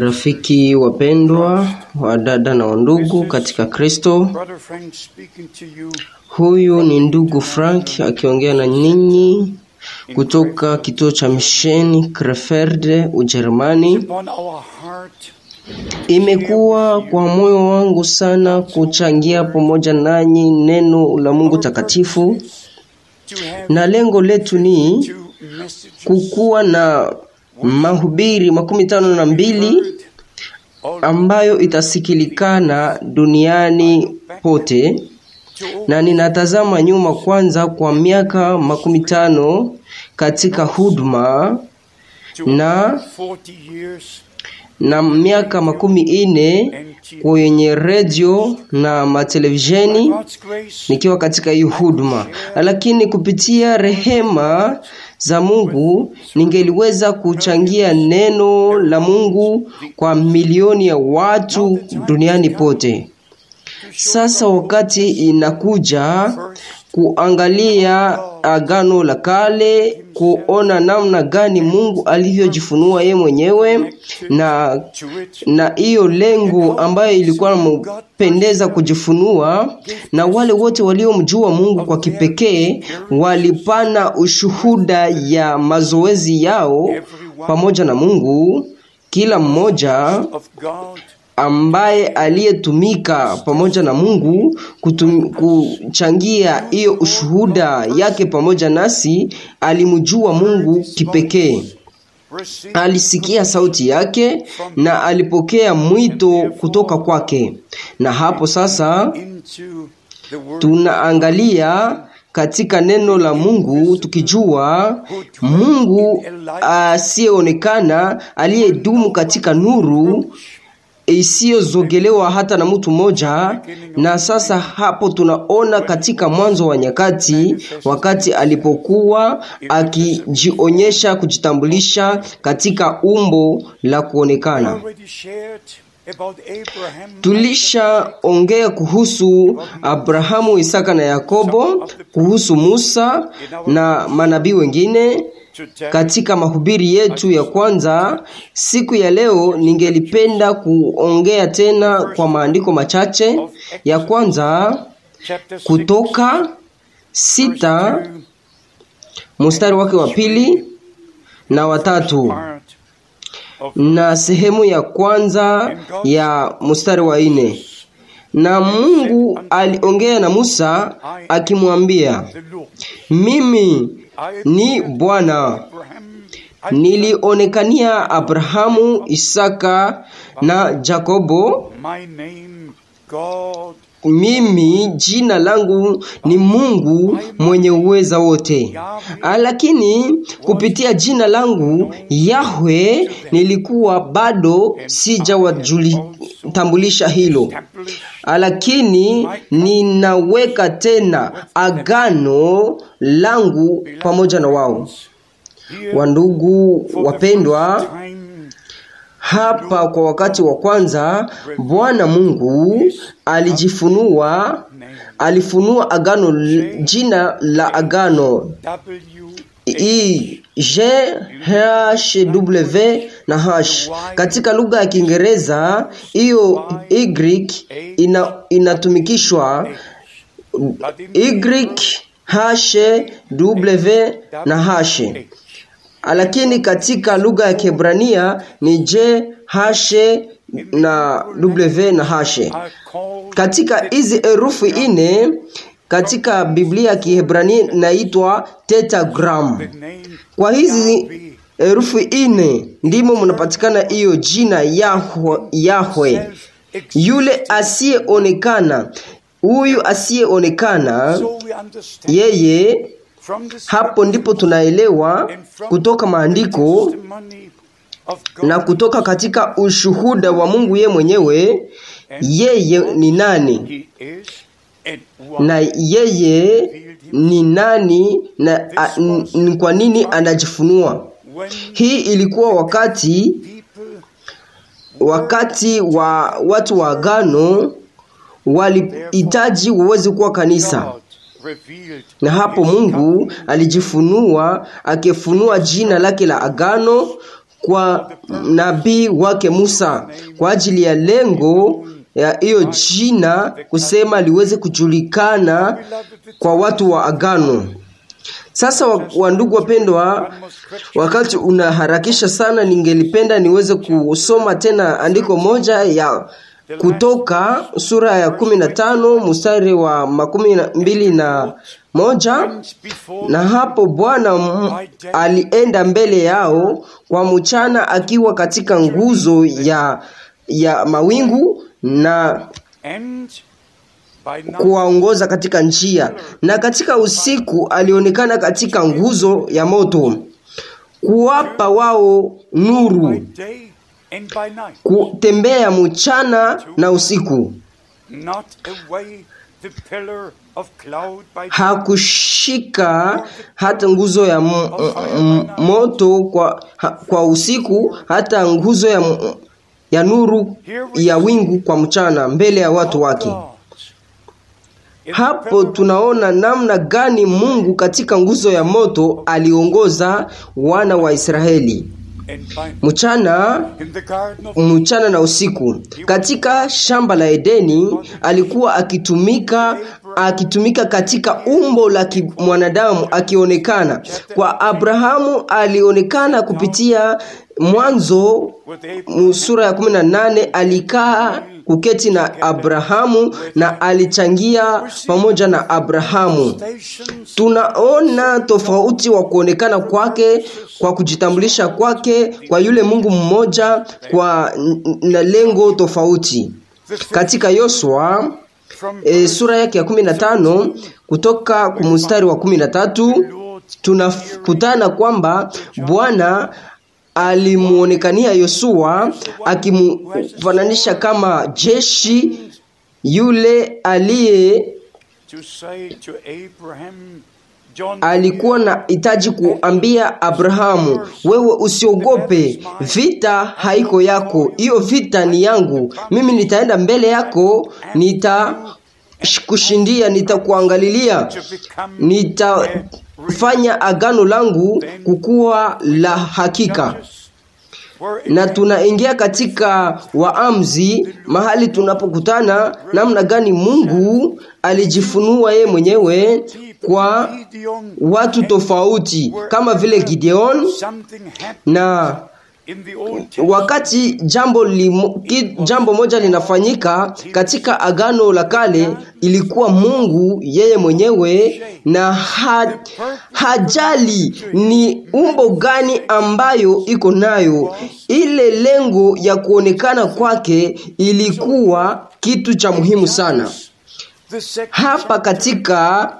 rafiki wapendwa wa dada na wandugu katika Kristo, huyu ni ndugu Frank akiongea na ninyi kutoka kituo cha misheni kreferde Ujerumani. Imekuwa kwa moyo wangu sana kuchangia pamoja nanyi neno la Mungu takatifu, na lengo letu ni kukuwa na mahubiri makumi tano na mbili ambayo itasikilikana duniani pote, na ninatazama nyuma kwanza kwa miaka makumi tano katika huduma na na miaka makumi ine kwenye redio na matelevisheni nikiwa katika hii huduma, lakini kupitia rehema za Mungu ningeliweza kuchangia neno la Mungu kwa milioni ya watu duniani pote. Sasa wakati inakuja kuangalia Agano la Kale kuona namna gani Mungu alivyojifunua yeye mwenyewe, na na hiyo lengo ambayo ilikuwa nampendeza kujifunua, na wale wote waliomjua Mungu kwa kipekee walipana ushuhuda ya mazoezi yao pamoja na Mungu, kila mmoja ambaye aliyetumika pamoja na Mungu kutum, kuchangia hiyo ushuhuda yake pamoja nasi, alimjua Mungu kipekee, alisikia sauti yake na alipokea mwito kutoka kwake. Na hapo sasa tunaangalia katika neno la Mungu tukijua Mungu asiyeonekana aliyedumu katika nuru isiyozogelewa hata na mtu mmoja. Na sasa hapo tunaona katika mwanzo wa nyakati, wakati alipokuwa akijionyesha kujitambulisha katika umbo la kuonekana. Tulishaongea kuhusu Abrahamu, Isaka na Yakobo, kuhusu Musa na manabii wengine katika mahubiri yetu ya kwanza siku ya leo, ningelipenda kuongea tena kwa maandiko machache. Ya kwanza Kutoka sita mstari wake wa pili na watatu na sehemu ya kwanza ya mstari wa nne. Na Mungu aliongea na Musa akimwambia, mimi ni Bwana, nilionekania Abrahamu, Isaka na jakobo mimi jina langu ni Mungu mwenye uweza wote, ah, lakini kupitia jina langu Yahwe nilikuwa bado sijawatambulisha hilo, ah, lakini ninaweka tena agano langu pamoja na wao. Wandugu wapendwa, hapa kwa wakati wa kwanza Bwana Mungu alijifunua, alifunua agano, jina la agano I, J, H, W na H. Katika lugha ya Kiingereza hiyo Y ina, inatumikishwa Y, H, W na H lakini katika lugha ya Kiebrania ni j hashe na w na hashe. Katika hizi herufi nne katika Biblia ya Kiebrania inaitwa tetragram. Kwa hizi herufi nne ndimo mnapatikana hiyo jina Yahwe, Yahwe yule asiyeonekana. Huyu asiyeonekana yeye hapo ndipo tunaelewa kutoka maandiko na kutoka katika ushuhuda wa Mungu yeye mwenyewe, yeye ni nani na yeye ni nani na a, n, n, kwa nini anajifunua. Hii ilikuwa wakati wakati wa watu wa agano walihitaji waweze kuwa kanisa na hapo Mungu alijifunua akifunua jina lake la agano kwa nabii wake Musa kwa ajili ya lengo ya hiyo jina kusema liweze kujulikana kwa watu wa agano. Sasa wandugu wapendwa, wakati unaharakisha sana, ningelipenda niweze kusoma tena andiko moja ya kutoka sura ya kumi na tano mstari wa makumi mbili na moja. Na hapo Bwana alienda mbele yao kwa mchana akiwa katika nguzo ya, ya mawingu na kuwaongoza katika njia, na katika usiku alionekana katika nguzo ya moto kuwapa wao nuru kutembea mchana na usiku hakushika hata nguzo ya moto kwa, ha, kwa usiku hata nguzo ya, ya nuru ya wingu kwa mchana mbele ya watu wake hapo tunaona namna gani mungu katika nguzo ya moto aliongoza wana wa israeli mchana, mchana na usiku. Katika shamba la Edeni alikuwa akitumika akitumika katika umbo la mwanadamu akionekana kwa Abrahamu, alionekana kupitia Mwanzo sura ya 18 alikaa kuketi na Abrahamu na alichangia pamoja na Abrahamu. Tunaona tofauti wa kuonekana kwake kwa kujitambulisha kwake kwa yule Mungu mmoja kwa na lengo tofauti. Katika Yoshua e, sura yake ya 15 kutoka kumustari wa 13 tunakutana kwamba Bwana alimuonekania Yosua akimfananisha kama jeshi yule aliye alikuwa na hitaji kuambia Abrahamu, wewe usiogope, vita haiko yako, hiyo vita ni yangu. Mimi nitaenda mbele yako, nitakushindia, nitakuangalilia, nita fanya agano langu kukuwa la hakika na tunaingia katika waamzi mahali tunapokutana namna gani mungu alijifunua yeye mwenyewe kwa watu tofauti kama vile gideon na Wakati jambo, limo, jambo moja linafanyika katika Agano la Kale, ilikuwa Mungu yeye mwenyewe, na ha, hajali ni umbo gani ambayo iko nayo. Ile lengo ya kuonekana kwake ilikuwa kitu cha muhimu sana. Hapa katika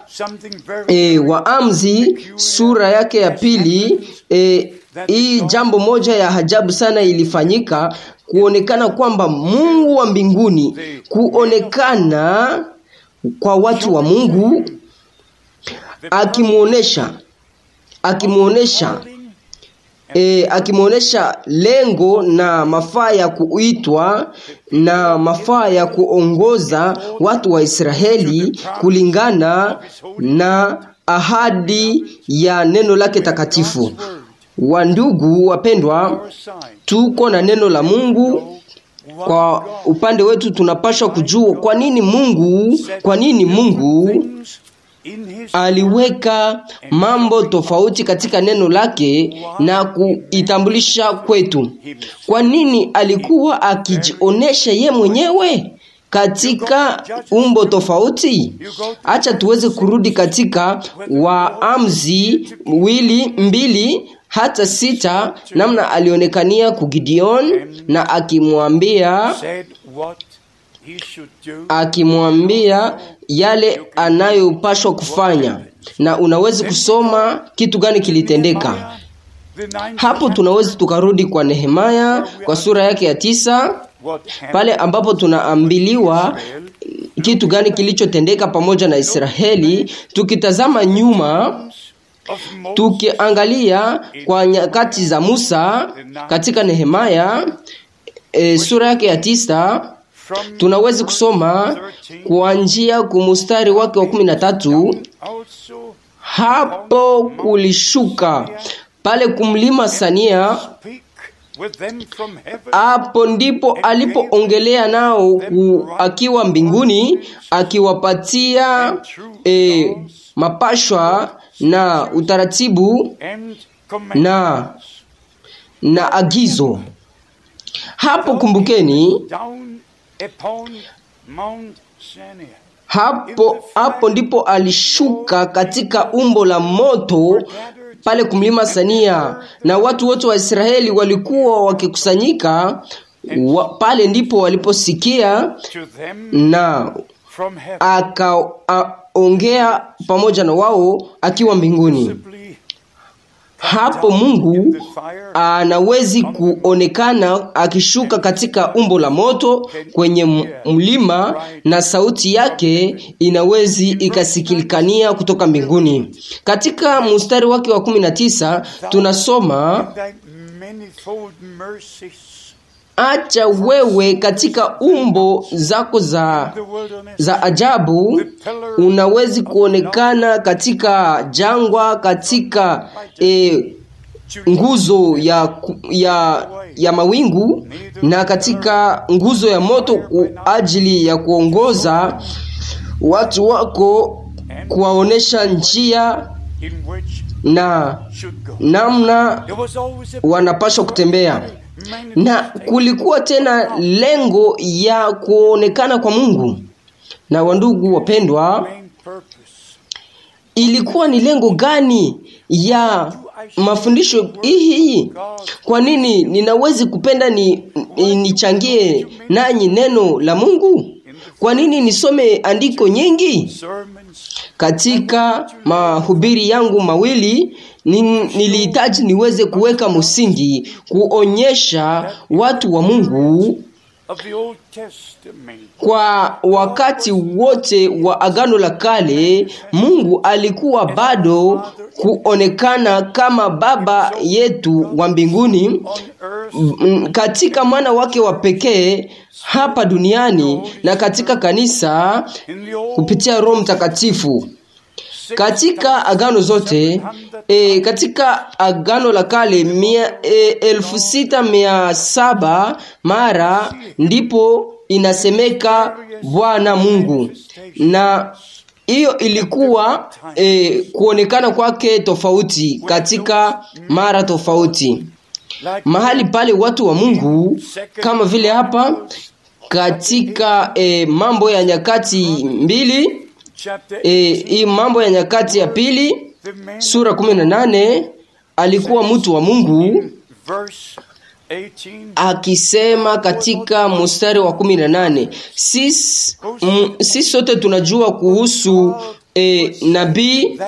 e, eh, Waamzi sura yake ya pili e, hii jambo moja ya ajabu sana ilifanyika, kuonekana kwamba Mungu wa mbinguni, kuonekana kwa watu wa Mungu, akimuonesha akimuonesha E, eh, akimwonyesha lengo na mafaa ya kuitwa na mafaa ya kuongoza watu wa Israeli kulingana na ahadi ya neno lake takatifu wa ndugu wapendwa, tuko na neno la Mungu kwa upande wetu, tunapashwa kujua kwa nini Mungu, kwa nini Mungu aliweka mambo tofauti katika neno lake na kuitambulisha kwetu. Kwa nini alikuwa akijionesha ye mwenyewe katika umbo tofauti. Acha tuweze kurudi katika Waamuzi wili mbili hata sita namna alionekania kugideon na akimwambia akimwambia yale anayopashwa kufanya na unawezi kusoma kitu gani kilitendeka hapo tunawezi tukarudi kwa nehemaya kwa sura yake ya tisa pale ambapo tunaambiliwa kitu gani kilichotendeka pamoja na israeli tukitazama nyuma tukiangalia kwa nyakati za musa katika nehemaya e, sura yake ya tisa tunawezi kusoma kuanjia kumustari wake wa kumi na tatu hapo kulishuka pale kumlima sania hapo ndipo alipoongelea nao akiwa mbinguni akiwapatia e, mapashwa na utaratibu na, na agizo. Hapo kumbukeni, hapo hapo ndipo alishuka katika umbo la moto pale kumlima Sania, na watu wote wa Israeli walikuwa wakikusanyika wa, pale ndipo waliposikia na aka, a, ongea pamoja na wao akiwa mbinguni hapo mungu anawezi kuonekana akishuka katika umbo la moto kwenye mlima na sauti yake inawezi ikasikilikania kutoka mbinguni katika mustari wake wa 19 tunasoma acha wewe katika umbo zako za, za ajabu unawezi kuonekana katika jangwa katika e, nguzo ya, ya, ya mawingu na katika nguzo ya moto kwa ajili ya kuongoza watu wako kuwaonyesha njia na namna wanapaswa kutembea na kulikuwa tena lengo ya kuonekana kwa Mungu. Na wandugu wapendwa, ilikuwa ni lengo gani ya mafundisho hii? Kwa nini ninawezi kupenda ni, ni nichangie nanyi neno la Mungu? Kwa nini nisome andiko nyingi? Katika mahubiri yangu mawili nilihitaji niweze kuweka msingi, kuonyesha watu wa Mungu kwa wakati wote wa Agano la Kale, Mungu alikuwa bado kuonekana kama Baba yetu wa mbinguni katika mwana wake wa pekee hapa duniani na katika kanisa kupitia Roho Mtakatifu katika agano zote e, katika agano la kale mia, e, elfu sita mia saba mara ndipo inasemeka Bwana Mungu na hiyo ilikuwa e, kuonekana kwake tofauti katika mara tofauti mahali pale watu wa Mungu kama vile hapa katika e, mambo ya nyakati mbili e, hii Mambo ya Nyakati ya Pili sura 18 alikuwa mtu wa Mungu akisema katika mstari wa 18, sisi sote tunajua kuhusu e, nabii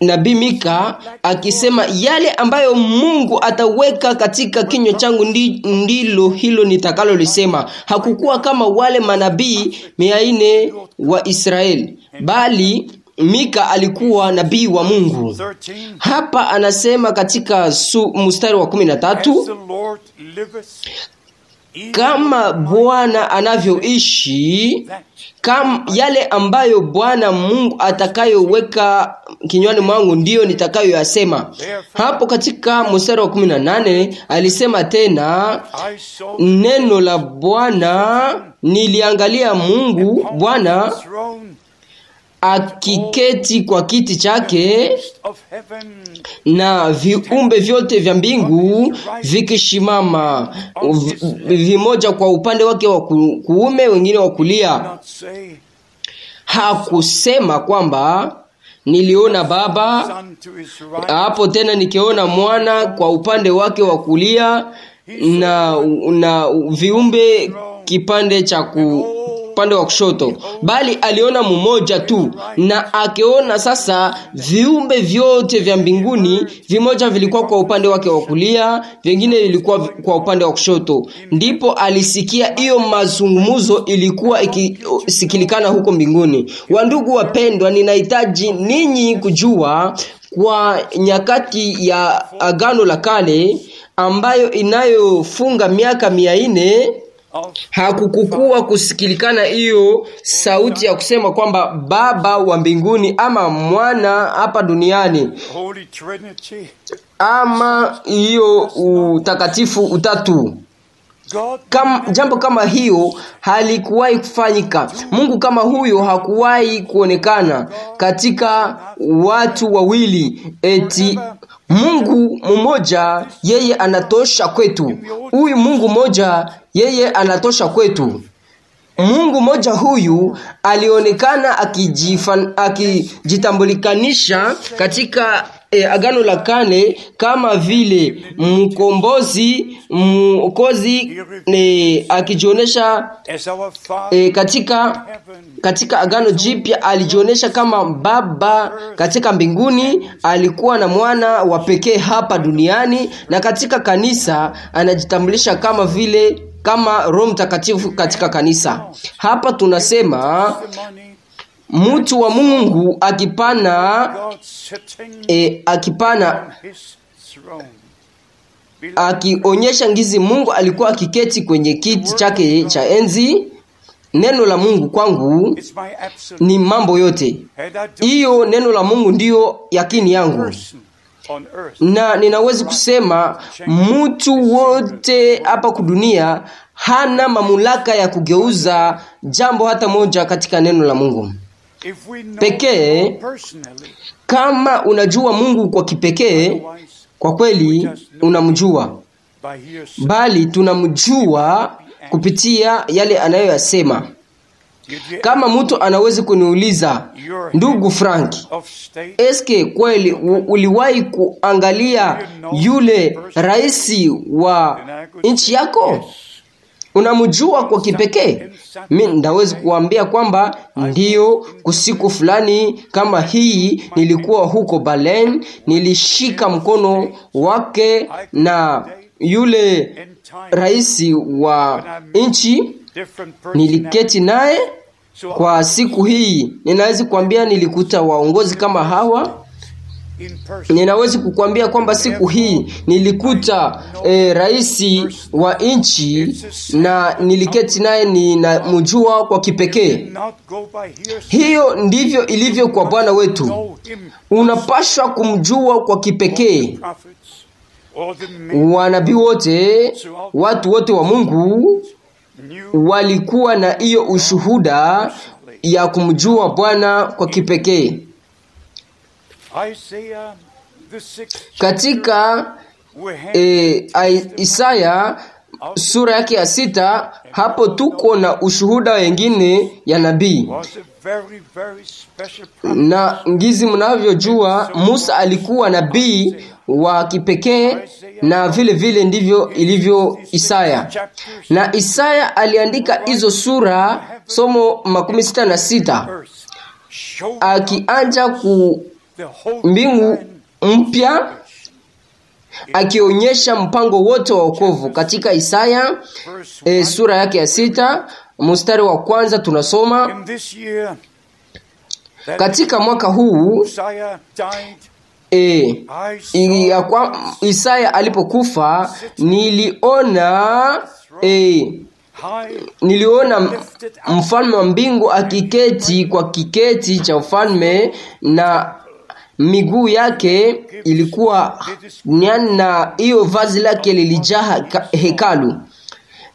nabii Mika akisema yale ambayo Mungu ataweka katika kinywa changu ndi, ndilo hilo nitakalolisema. Hakukuwa kama wale manabii mia nne wa Israeli, bali Mika alikuwa nabii wa Mungu. Hapa anasema katika su, mstari wa kumi na tatu kama Bwana anavyoishi, kama yale ambayo Bwana Mungu atakayoweka kinywani mwangu ndiyo nitakayoyasema. Hapo katika mstari wa 18 alisema tena, neno la Bwana niliangalia Mungu Bwana akiketi kwa kiti chake na viumbe vyote vya mbingu vikishimama vimoja kwa upande wake wa kuume wengine wa kulia hakusema kwamba niliona baba hapo tena nikiona mwana kwa upande wake wa kulia na na viumbe kipande cha ku upande wa kushoto bali aliona mmoja tu na akiona sasa viumbe vyote vya mbinguni vimoja vilikuwa kwa upande wake wa kulia vingine vilikuwa kwa upande wa kushoto ndipo alisikia hiyo mazungumzo ilikuwa ikisikilikana huko mbinguni wandugu wapendwa ninahitaji ninyi kujua kwa nyakati ya agano la kale ambayo inayofunga miaka mia nne hakukukua kusikilikana hiyo sauti ya kusema kwamba Baba wa mbinguni ama mwana hapa duniani ama hiyo utakatifu utatu Kam, jambo kama hiyo halikuwahi kufanyika. Mungu kama huyo hakuwahi kuonekana katika watu wawili, eti Mungu mmoja yeye anatosha kwetu. Huyu Mungu mmoja yeye anatosha kwetu. Mungu mmoja huyu alionekana akijitambulikanisha katika e, Agano la Kale kama vile mkombozi mwokozi e, akijionesha e, katika, katika Agano Jipya alijionyesha kama Baba katika mbinguni, alikuwa na mwana wa pekee hapa duniani, na katika kanisa anajitambulisha kama vile kama Roho Mtakatifu katika kanisa. Hapa tunasema mtu wa Mungu akipana e, akipana akionyesha ngizi Mungu alikuwa akiketi kwenye kiti chake cha enzi. Neno la Mungu kwangu ni mambo yote hiyo. Neno la Mungu ndiyo yakini yangu, na ninaweza kusema mtu wote hapa kudunia hana mamlaka ya kugeuza jambo hata moja katika neno la Mungu pekee. Kama unajua Mungu kwa kipekee, kwa kweli unamjua, bali tunamjua kupitia yale anayoyasema. Kama mtu anaweza kuniuliza ndugu Frank, eske kweli uliwahi kuangalia yule rais wa nchi yako? unamjua kwa kipekee mi ndawezi kuambia kwamba ndiyo kusiku fulani kama hii nilikuwa huko balen nilishika mkono wake na yule rais wa nchi niliketi naye kwa siku hii ninawezi kuambia nilikuta waongozi kama hawa Ninaweza kukuambia kwamba siku hii nilikuta e, rais wa nchi na niliketi naye ninamjua kwa kipekee. Hiyo ndivyo ilivyo kwa Bwana wetu, unapashwa kumjua kwa kipekee. Wanabii wote, watu wote wa Mungu walikuwa na hiyo ushuhuda ya kumjua Bwana kwa kipekee. Katika eh, e, Isaya sura yake ya sita, hapo tuko na ushuhuda wengine ya nabii. Na ngizi, mnavyojua Musa alikuwa nabii wa kipekee, na vile vile ndivyo ilivyo Isaya. Na Isaya aliandika hizo sura somo makumi sita na sita akianja ku mbingu mpya akionyesha mpango wote wa wokovu katika Isaya e, sura yake ya sita mstari wa kwanza tunasoma katika mwaka huu e, Isaya alipokufa niliona e, niliona mfalme wa mbingu akiketi kwa kiketi cha ufalme na miguu yake ilikuwa na hiyo vazi lake lilijaa hekalu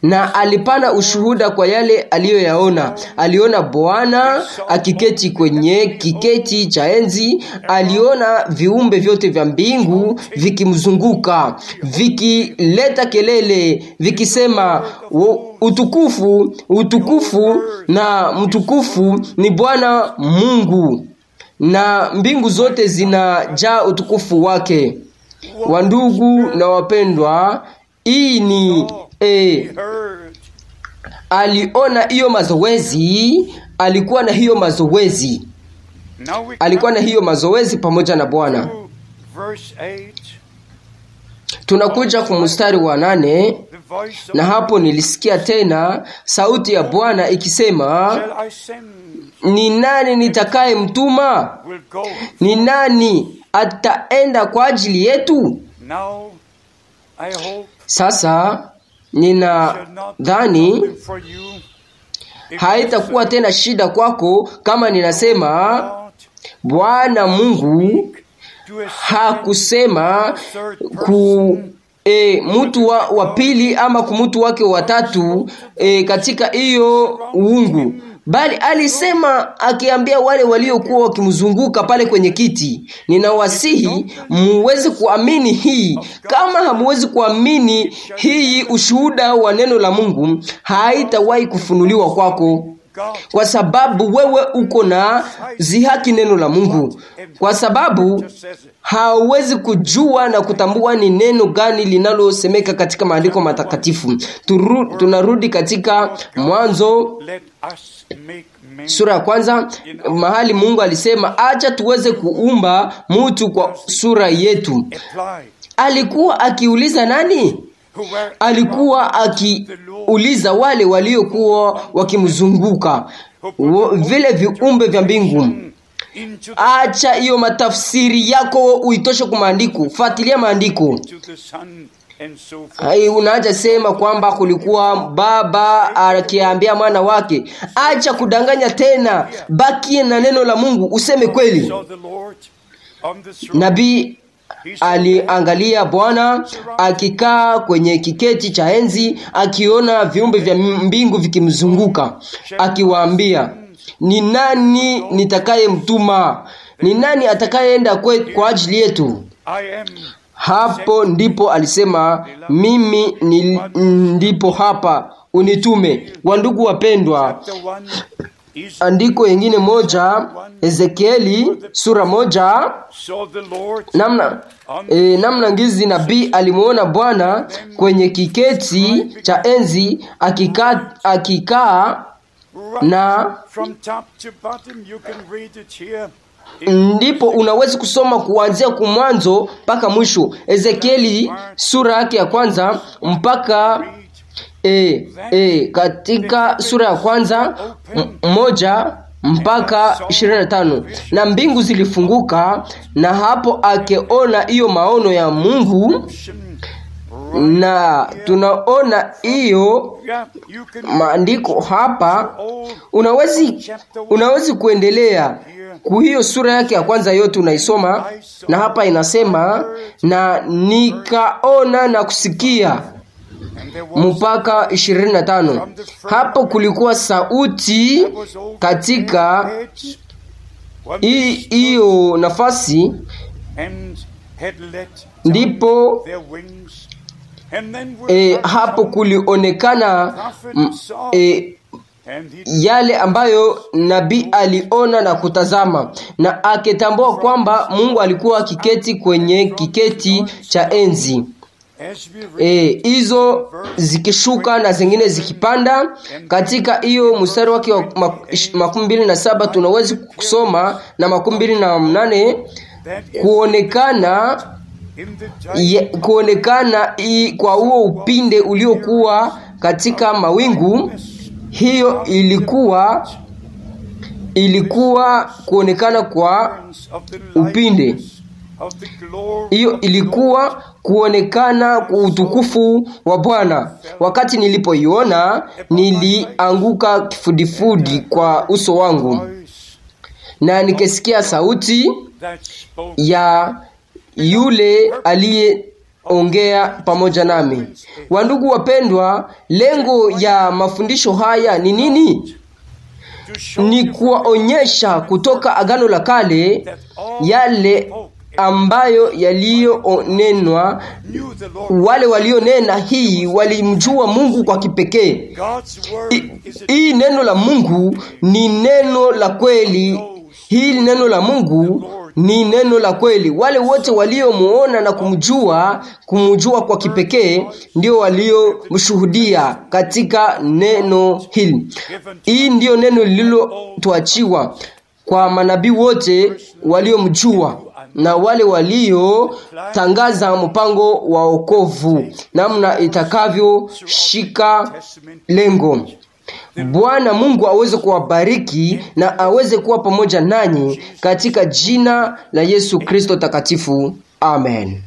na alipana ushuhuda kwa yale aliyoyaona. Aliona Bwana akiketi kwenye kiketi cha enzi, aliona viumbe vyote vya mbingu vikimzunguka, vikileta kelele, vikisema utukufu, utukufu na mtukufu ni Bwana Mungu na mbingu zote zinajaa utukufu wake. Wandugu na wapendwa, hii ni eh, aliona hiyo mazoezi, alikuwa na hiyo mazoezi, alikuwa na hiyo mazoezi pamoja na Bwana. Tunakuja kwa mstari wa nane na hapo nilisikia tena sauti ya Bwana ikisema, ni nani nitakayemtuma? Ni nani ataenda kwa ajili yetu? Sasa ninadhani haitakuwa tena shida kwako kama ninasema Bwana Mungu hakusema ku e, mtu wa, wa pili ama kumutu wake watatu e, eh, katika hiyo uungu bali alisema akiambia wale waliokuwa wakimzunguka pale kwenye kiti ninawasihi muweze kuamini hii kama hamuwezi kuamini hii ushuhuda wa neno la mungu haitawahi kufunuliwa kwako kwa sababu wewe uko na zihaki neno la Mungu, kwa sababu hauwezi kujua na kutambua ni neno gani linalosemeka katika maandiko matakatifu. Turu, tunarudi katika Mwanzo sura ya kwanza mahali Mungu alisema, acha tuweze kuumba mutu kwa sura yetu. Alikuwa akiuliza nani? alikuwa akiuliza wale waliokuwa wakimzunguka vile viumbe vya mbingu acha hiyo matafsiri yako uitoshe kumaandiko fuatilia maandiko Hai, unaacha sema kwamba kulikuwa baba akiambia mwana wake acha kudanganya tena bakie na neno la mungu useme kweli nabii aliangalia Bwana akikaa kwenye kiketi cha enzi, akiona viumbe vya mbingu vikimzunguka, akiwaambia, ni nani nitakayemtuma? Ni nani atakayeenda kwa ajili yetu? Hapo ndipo alisema, mimi ni ndipo hapa, unitume. Wandugu wapendwa andiko yengine moja Ezekieli sura moja namna, e, namna ngizi nabii alimwona Bwana kwenye kiketi cha enzi akikaa akika, na ndipo unaweza kusoma kuanzia kumwanzo mpaka mwisho. Ezekieli sura yake ya kwanza mpaka e, e, katika sura ya kwanza moja mpaka 25 na mbingu zilifunguka na hapo akeona hiyo maono ya Mungu na tunaona hiyo maandiko hapa. Unawezi, unawezi kuendelea ku hiyo sura yake ya kwanza yote unaisoma, na hapa inasema na nikaona na kusikia mpaka 25. Hapo kulikuwa sauti katika hiyo nafasi, ndipo e, hapo kulionekana e, yale ambayo nabii aliona na kutazama na akitambua kwamba Mungu alikuwa akiketi kwenye kiketi cha enzi. E, hizo zikishuka na zingine zikipanda. Katika hiyo mstari wake wa makumi mbili na saba tunawezi kusoma na makumi mbili na mnane kuonekana ye, kuonekana i, kwa huo upinde uliokuwa katika mawingu, hiyo ilikuwa ilikuwa kuonekana kwa upinde, hiyo ilikuwa kuonekana kwa utukufu wa Bwana. Wakati nilipoiona nilianguka kifudifudi kwa uso wangu, na nikesikia sauti ya yule aliyeongea pamoja nami. Wandugu wapendwa, lengo ya mafundisho haya ni nini? Ni kuwaonyesha kutoka Agano la Kale yale ambayo yaliyonenwa. Wale walionena hii walimjua Mungu kwa kipekee. Hii neno la Mungu ni neno la kweli, hili neno la Mungu ni neno la kweli. Wale wote waliomuona na kumjua, kumjua kwa kipekee, ndio waliomshuhudia katika neno hili. Hii ndiyo neno lililotuachiwa kwa manabii wote waliomjua na wale waliotangaza mpango wa wokovu namna itakavyoshika lengo. Bwana Mungu aweze kuwabariki na aweze kuwa pamoja nanyi katika jina la Yesu Kristo takatifu. Amen.